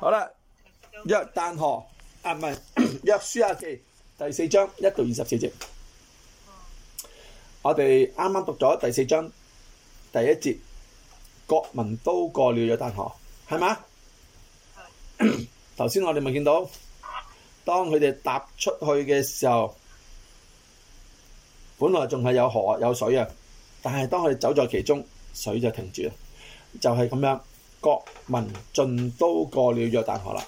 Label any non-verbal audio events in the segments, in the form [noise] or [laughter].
好啦，約旦河啊，唔係約書亞記第四章一到二十四節，我哋啱啱讀咗第四章第一節，國民都過了約旦河，係嘛？頭先我哋咪見到，當佢哋踏出去嘅時候，本來仲係有河有水啊，但係當佢哋走在其中，水就停住啦，就係咁樣。國民盡都過了約旦河啦。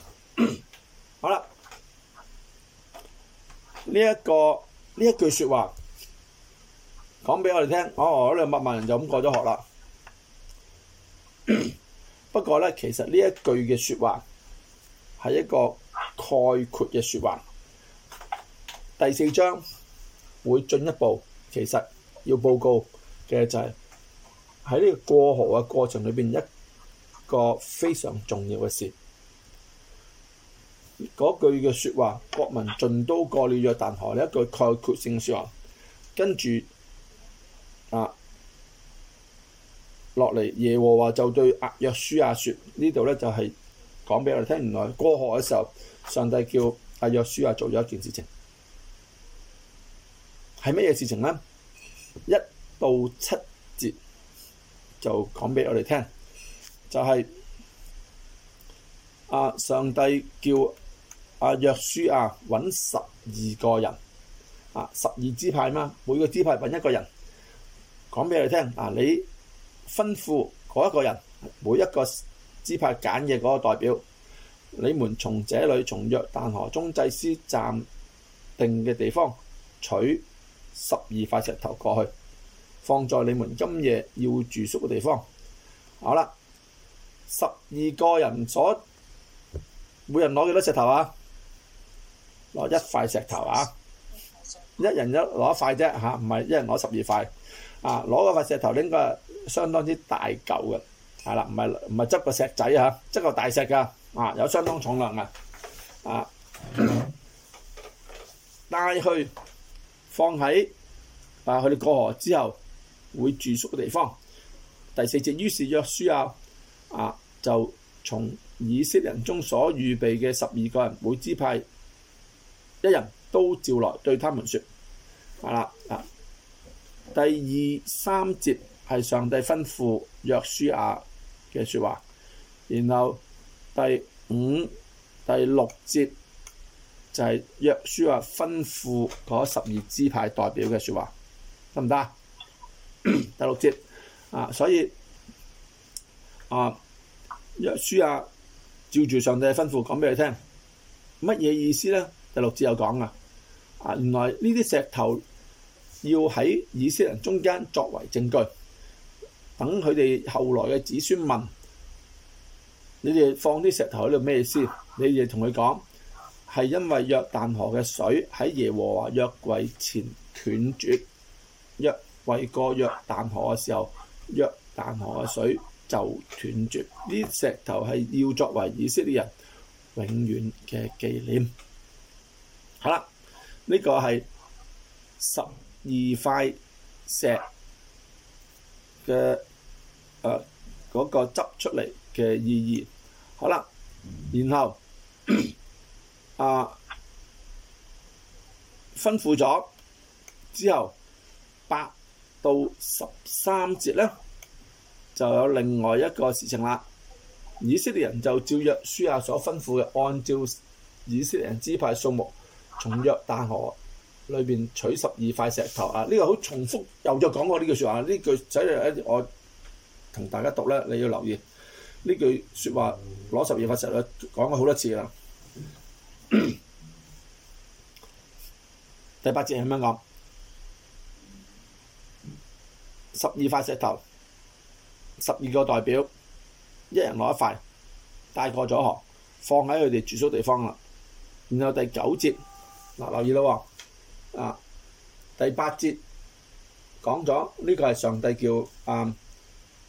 好啦，呢、這、一個呢一句説話講俾我哋聽，哦，兩百萬人就咁過咗學啦。 [coughs] 不過咧，其實呢一句嘅説話係一個概括嘅説話。第四章會進一步，其實要報告嘅就係喺呢個過河嘅過程裏邊一個非常重要嘅事，嗰句嘅說話：國民盡都過了約旦河。呢一句概括性說話，跟住啊落嚟，耶和華就對阿約書亞、啊、說：呢度咧就係講俾我哋聽，原來過河嘅時候，上帝叫阿約書亞、啊、做咗一件事情，係乜嘢事情咧？一到七節就講俾我哋聽。就係、是、啊！上帝叫阿、啊、約書啊揾十二個人啊，十二支派嘛，每個支派揾一個人講俾你聽啊。你吩咐嗰一個人，每一個支派揀嘅嗰個代表，你們從這裡從約旦河中祭司站定嘅地方取十二塊石頭過去，放在你們今夜要住宿嘅地方。好啦。十二個人所，每人攞幾多石頭啊？攞一塊石頭啊！一人一攞一塊啫嚇，唔係一人攞十二塊。啊，攞嗰塊石頭應該相當之大嚿嘅，係啦，唔係唔係執個石仔嚇，執個大石㗎。啊，有相當重量嘅。啊，帶去放喺啊佢哋過河之後會住宿嘅地方。第四節，於是約書亞啊。就從以色列人中所預備嘅十二個人，每支派一人都召來，對他們説：係、嗯、啦，第二、三節係上帝吩咐約書亞嘅説話，然後第五、第六節就係約書亞吩咐嗰十二支派代表嘅説話，得唔得？第六節啊、嗯，所以啊。嗯約書亞照住上帝嘅吩咐講俾佢聽，乜嘢意思咧？第六節有講噶，啊，原來呢啲石頭要喺以色列人中間作為證據，等佢哋後來嘅子孫問，你哋放啲石頭喺度咩意思？你哋同佢講，係因為約旦河嘅水喺耶和華約櫃前斷絕，約櫃過約旦河嘅時候，約旦河嘅水，就斷絕，呢石頭係要作為以色列人永遠嘅紀念。好啦，呢、這個係十二塊石嘅誒嗰個執出嚟嘅意義。好啦，然後啊、 [coughs] 呃、吩咐咗之後，八到十三節咧。就有另外一個事情啦，以色列人就照約書亞所吩咐嘅，按照以色列人支派嘅數目，從約但河裏邊取十二塊石頭啊！呢、這個好重複，又再講過呢句說話，呢句仔嚟，我同大家讀咧，你要留意呢句說話，攞十二塊石頭，講咗好多次啦。 [coughs] 第八節係點樣講？十二塊石頭。十二個代表，一人攞一塊，帶過咗河，放喺佢哋住宿地方啦。然後第九節，嗱、啊，留意啦、哦。啊，第八節講咗呢、呢個係上帝叫啊，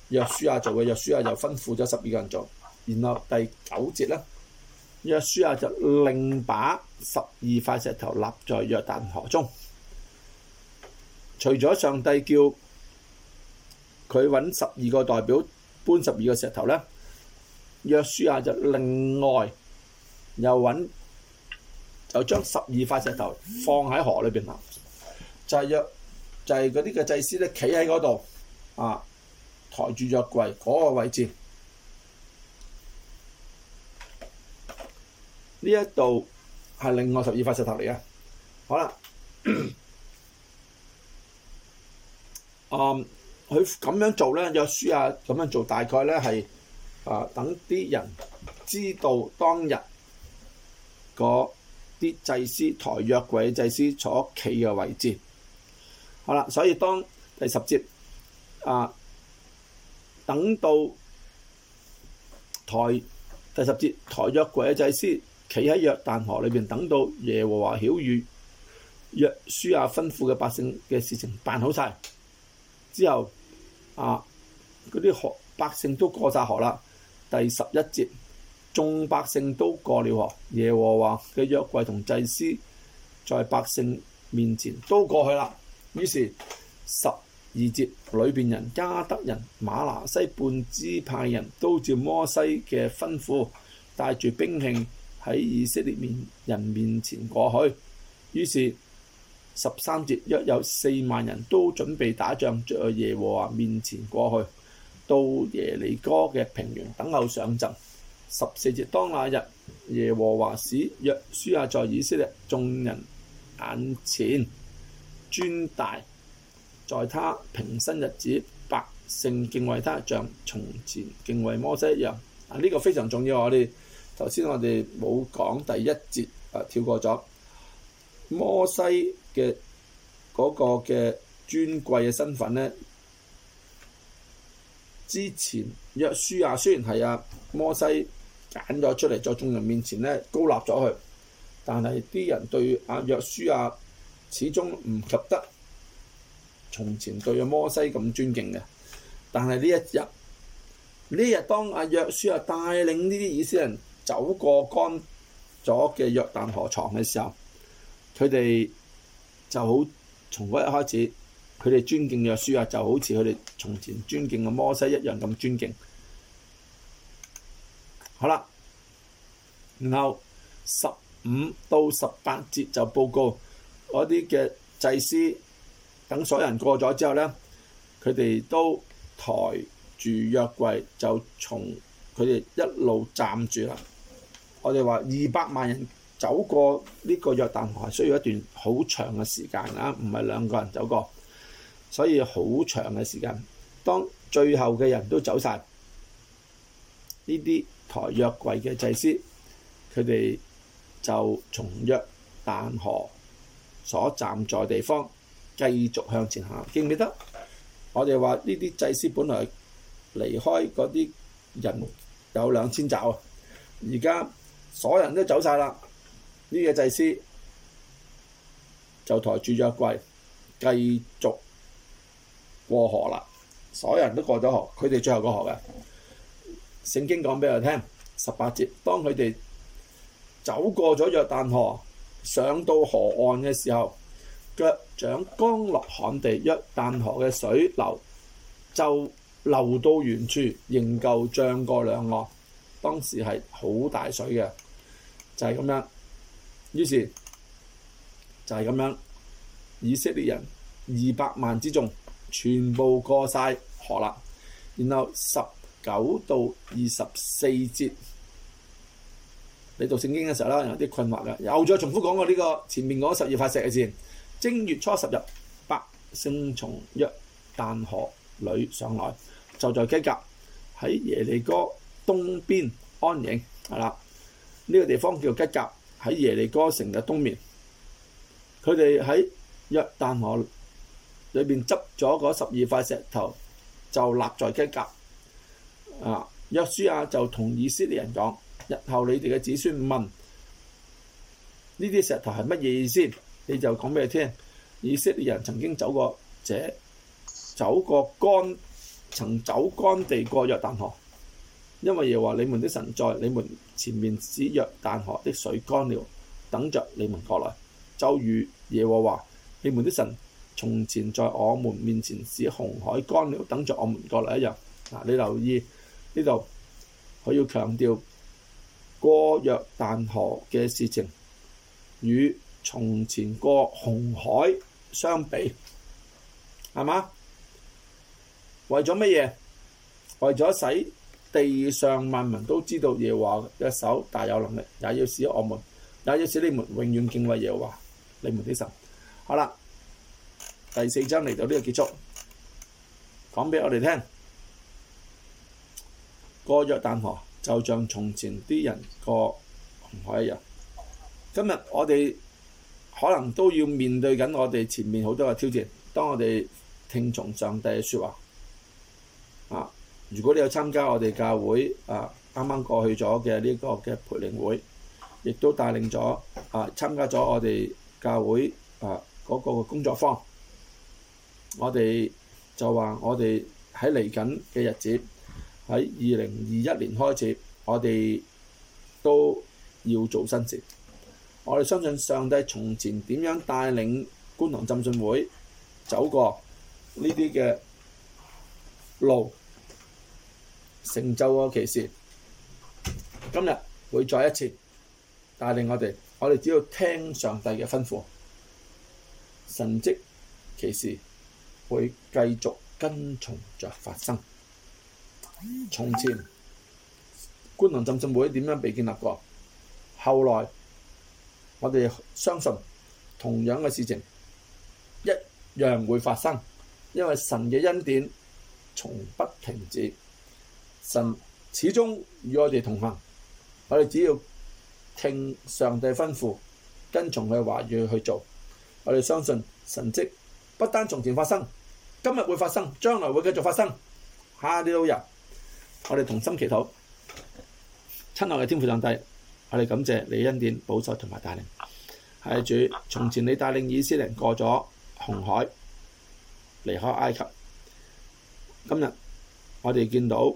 約、嗯、書亞做嘅。約書亞就吩咐咗十二個人做。然後第九節咧，約書亞就另把十二塊石頭立在約旦河中。除咗上帝叫。佢揾十二個代表搬十二個石頭咧，約書亞就另外又揾，就將十二塊石頭放喺河裏邊啦。就係約就係嗰啲嘅祭司咧，企喺嗰度啊，抬住約櫃嗰個位置。呢一度係另外十二塊石頭嚟嘅，好啦，啊。佢咁樣做咧，約書亞、啊、咁樣做，大概咧係啊，等啲人知道當日嗰啲祭司抬約櫃、祭司坐屋企嘅位置。好啦，所以當第十節啊，等到抬第十節抬約櫃祭司企喺約旦河裏邊，等到耶和華曉喻約書亞、啊、吩咐嘅百姓嘅事情辦好晒。之後，啊，嗰啲學百姓都過晒河啦。第十一節，眾百姓都過了河。耶和華嘅約櫃同祭司在百姓面前都過去啦。於是十二節裏邊人加德人、馬拿西半支派人都照摩西嘅吩咐，帶住兵器喺以色列人面前過去。於是十三節，約有四萬人都準備打仗，在耶和華面前過去，到耶利哥嘅平原等候上陣。十四節，當那日耶和華使約書亞在以色列眾人眼前尊大，在他平生日子百姓敬畏他，像從前敬畏摩西一樣。啊，呢、這個非常重要，我哋頭先我哋冇講第一節，啊跳過咗。摩西嘅嗰個嘅尊貴嘅身份咧，之前約書亞、啊、雖然係啊摩西揀咗出嚟，在眾人面前咧高立咗佢，但係啲人對阿約、啊、書亞、啊、始終唔及得從前對阿、啊、摩西咁尊敬嘅。但係呢一日呢日當、啊，當阿約書亞、啊、帶領呢啲以色列人走過乾咗嘅約旦河床嘅時候。佢哋就好，從嗰日開始，佢哋尊敬約書亞，就好似佢哋從前尊敬嘅摩西一樣咁尊敬。好啦，然後十五到十八節就報告嗰啲嘅祭司，等所有人過咗之後咧，佢哋都抬住約櫃，就從佢哋一路站住啦。我哋話二百萬人。走過呢個約旦河需要一段好長嘅時間啊，唔係兩個人走過，所以好長嘅時間。當最後嘅人都走曬，呢啲抬約櫃嘅祭司，佢哋就從約旦河所站在地方繼續向前行，記唔記得？我哋話呢啲祭司本來離開嗰啲人有兩千肘啊，而家所有人都走曬啦。啲嘢，祭司就抬住約櫃，繼續過河啦。所有人都過咗河，佢哋最後過河嘅聖經講俾我聽，十八節，當佢哋走過咗約旦河，上到河岸嘅時候，腳掌剛落旱地，約旦河嘅水流就流到遠處，仍舊漲過兩岸。當時係好大水嘅，就係、是、咁樣。於是就係咁樣，以色列人二百萬之眾，全部過晒河啦。然後十九到二十四節，你讀聖經嘅時候啦，有啲困惑嘅，又再重複講過呢個前面嗰十二塊石嘅事。正月初十日，百姓從約旦河裏上來，就在吉甲喺耶利哥東邊安營。係啦，呢個地方叫吉甲。喺耶利哥城嘅東面，佢哋喺約旦河裏邊執咗嗰十二塊石頭，就立在吉甲。啊，約書亞就同以色列人講：日後你哋嘅子孫問呢啲石頭係乜嘢意思，你就講畀佢聽。以色列人曾經走過這，走過乾，曾走乾地過約旦河。因為耶和華你們的神在你們前面，使約旦河的水乾了，等着你們過來。就如耶和華你們的神從前在我們面前使紅海乾了，等着我們過來一樣。嗱，你留意呢度，佢要強調過約旦河嘅事情與從前過紅海相比，係咪？為咗乜嘢？為咗使地上萬民都知道耶和華一手大有能力，也要使我們，也要使你們永遠敬畏耶和華，你們的神。好啦，第四章嚟到呢度結束，講俾我哋聽過約旦河，就像從前啲人過紅海一樣。今日我哋可能都要面對緊我哋前面好多嘅挑戰，當我哋聽從上帝嘅説話。如果你有參加我哋教會啊，啱啱過去咗嘅呢個嘅培靈會，亦都帶領咗啊，參加咗我哋教會啊嗰個嘅工作坊，我哋就話我哋喺嚟緊嘅日子，喺二零二一年開始，我哋都要做新事。我哋相信上帝從前點樣帶領觀塘浸信會走過呢啲嘅路。成就個奇事，今日會再一次帶領我哋，我哋只要聽上帝嘅吩咐，神蹟奇事會繼續跟從着發生。從前觀塘浸信會點樣被建立過，後來我哋相信同樣嘅事情一樣會發生，因為神嘅恩典從不停止。神始終與我哋同行，我哋只要聽上帝吩咐，跟從佢話語去做。我哋相信神蹟不單從前發生，今日會發生，將來會繼續發生。下啲老人，我哋同心祈禱。親愛嘅天父上帝，我哋感謝你恩典保守同埋帶領。係主，從前你帶領以色列人過咗紅海，離開埃及。今日我哋見到。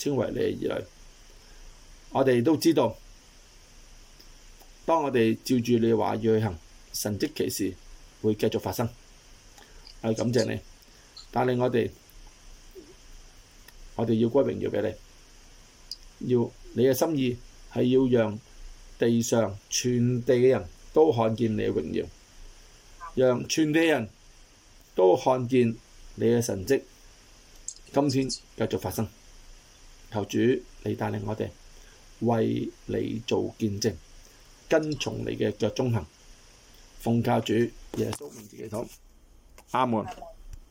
稱為你嘅兒女，我哋都知道。當我哋照住你嘅話要去行神蹟，奇事會繼續發生。我哋感謝你帶領我哋，我哋要歸榮耀俾你。要你嘅心意係要讓地上全地嘅人都看見你嘅榮耀，讓全地嘅人都看見你嘅神蹟，今天繼續發生。求主你帶領我哋，為你做見證，跟從你嘅腳蹤行，奉教主耶穌名字祈禱。阿門、啊。